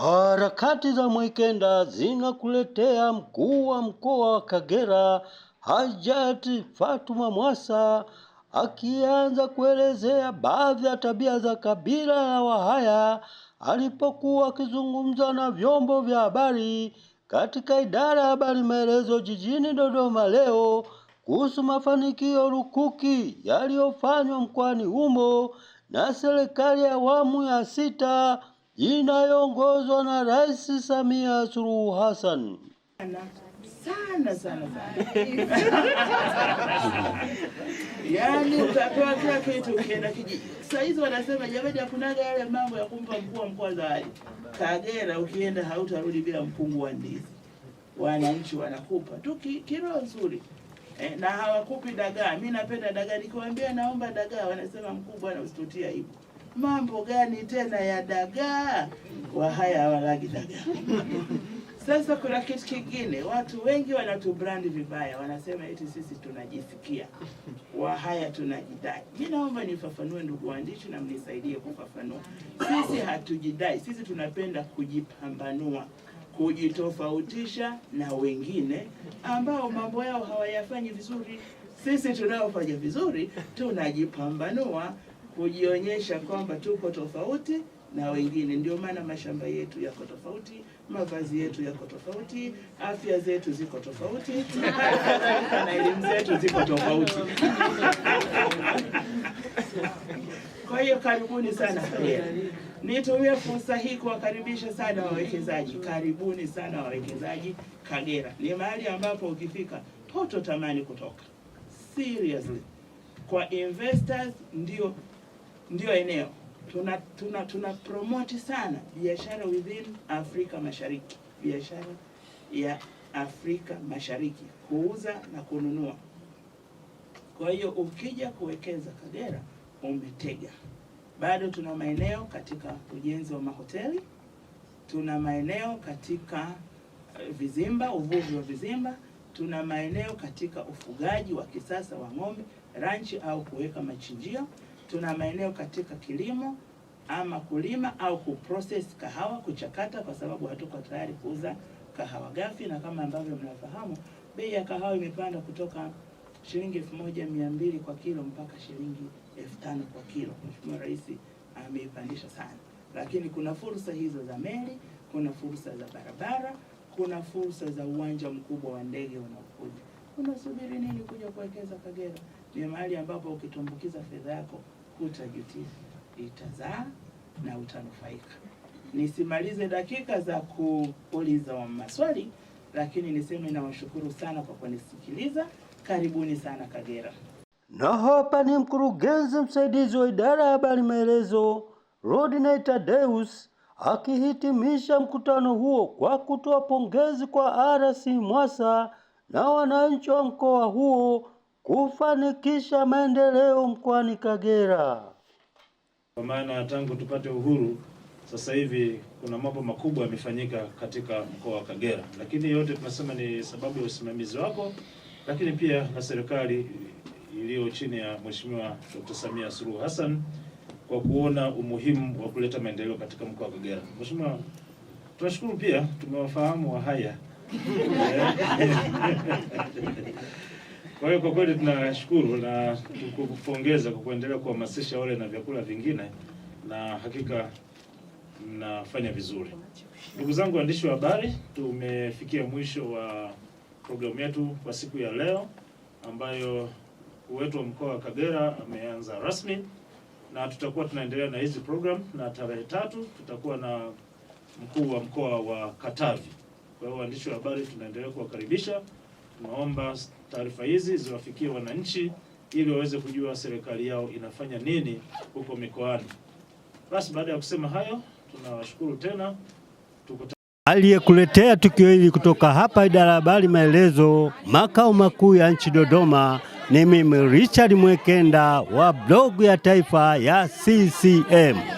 Harakati za mwikenda zinakuletea mkuu wa mkoa wa Kagera Hajati Fatuma Mwasa akianza kuelezea baadhi ya tabia za kabila la Wahaya alipokuwa akizungumza na vyombo vya habari katika idara ya habari maelezo jijini Dodoma leo kuhusu mafanikio lukuki yaliyofanywa mkoani humo na serikali ya awamu ya sita inayoongozwa na Rais Samia Suluhu Hassan sana sana sana yaani utapewa kila kitu ukienda kijiji. Saa hizi wanasema jamani, hakunaga yale mambo ya kumpa mkuu wa mkoa zawadi. Kagera ukienda hautarudi bila mkungu wa ndizi, wananchi wanakupa tu kilo nzuri eh, na hawakupi dagaa. Mi napenda dagaa, nikiwaambia naomba dagaa wanasema mkubwa na usitutia hivyo mambo gani tena ya dagaa? Wahaya hawalagi dagaa. Sasa kuna kitu kingine, watu wengi wanatubrandi vibaya, wanasema eti sisi tunajisikia, Wahaya tunajidai. Mi naomba nifafanue, ndugu waandishi, na mnisaidie kufafanua. Sisi hatujidai, sisi tunapenda kujipambanua, kujitofautisha na wengine ambao mambo yao hawayafanyi vizuri. Sisi tunaofanya vizuri tunajipambanua kujionyesha kwamba tuko tofauti na wengine. Ndio maana mashamba yetu yako tofauti, mavazi yetu yako tofauti, afya zetu ziko tofauti na elimu zetu ziko tofauti. Kwa hiyo karibuni sana Kagera. Nitumie fursa hii kuwakaribisha sana wawekezaji. Karibuni sana wawekezaji. Kagera ni mahali ambapo ukifika hoto tamani kutoka seriously, kwa investors ndio ndio eneo tuna, tuna, tuna promote sana biashara within Afrika Mashariki, biashara ya Afrika Mashariki, kuuza na kununua. Kwa hiyo ukija kuwekeza Kagera umetega. Bado tuna maeneo katika ujenzi wa mahoteli, tuna maeneo katika eh, vizimba, uvuvi wa vizimba, tuna maeneo katika ufugaji wa kisasa wa ng'ombe ranchi au kuweka machinjio tuna maeneo katika kilimo ama kulima au kuprocess kahawa, kuchakata, kwa sababu hatuko tayari kuuza kahawa ghafi, na kama ambavyo mnafahamu bei ya kahawa imepanda kutoka shilingi elfu moja mia mbili kwa kilo mpaka shilingi elfu tano kwa kilo. Mheshimiwa Rais ameipandisha sana, lakini kuna fursa hizo za meli, kuna fursa za barabara, kuna fursa za uwanja mkubwa wa ndege unaokuja. Unasubiri nini kuja kuwekeza Kagera? ni mahali ambapo ukitumbukiza fedha yako hutajutia, itazaa na utanufaika. Nisimalize dakika za kuuliza maswali, lakini niseme nawashukuru sana kwa kunisikiliza. Karibuni sana Kagera. Na hapa ni mkurugenzi msaidizi wa idara ya habari maelezo Rodney Tadeus akihitimisha mkutano huo kwa kutoa pongezi kwa RC Mwasa na wananchi wa mkoa huo kufanikisha maendeleo mkoani Kagera. Kwa maana tangu tupate uhuru sasa hivi kuna mambo makubwa yamefanyika katika mkoa wa Kagera, lakini yote tunasema ni sababu ya usimamizi wako, lakini pia na serikali iliyo chini ya Mheshimiwa Dr. Samia Suluhu Hassan kwa kuona umuhimu wa kuleta maendeleo katika mkoa wa Kagera. Mheshimiwa, tunashukuru pia tumewafahamu wa haya Kwa hiyo kwa kweli tunashukuru na kukupongeza kwa kuendelea kuhamasisha wale na vyakula vingine, na hakika mnafanya vizuri. Ndugu zangu waandishi wa habari, tumefikia mwisho wa programu yetu kwa siku ya leo ambayo wetu wa mkoa wa Kagera ameanza rasmi, na tutakuwa tunaendelea na hizi program, na tarehe tatu tutakuwa na mkuu wa mkoa wa Katavi. Kwa hiyo waandishi wa habari tunaendelea kuwakaribisha tunaomba taarifa hizi ziwafikie wananchi ili waweze kujua serikali yao inafanya nini huko mikoani. Basi baada ya kusema hayo, tunawashukuru tena. Tuko aliyekuletea tukio hili kutoka hapa idara ya habari Maelezo, makao makuu ya nchi Dodoma, ni mimi Richard Mwekenda wa blogu ya taifa ya CCM.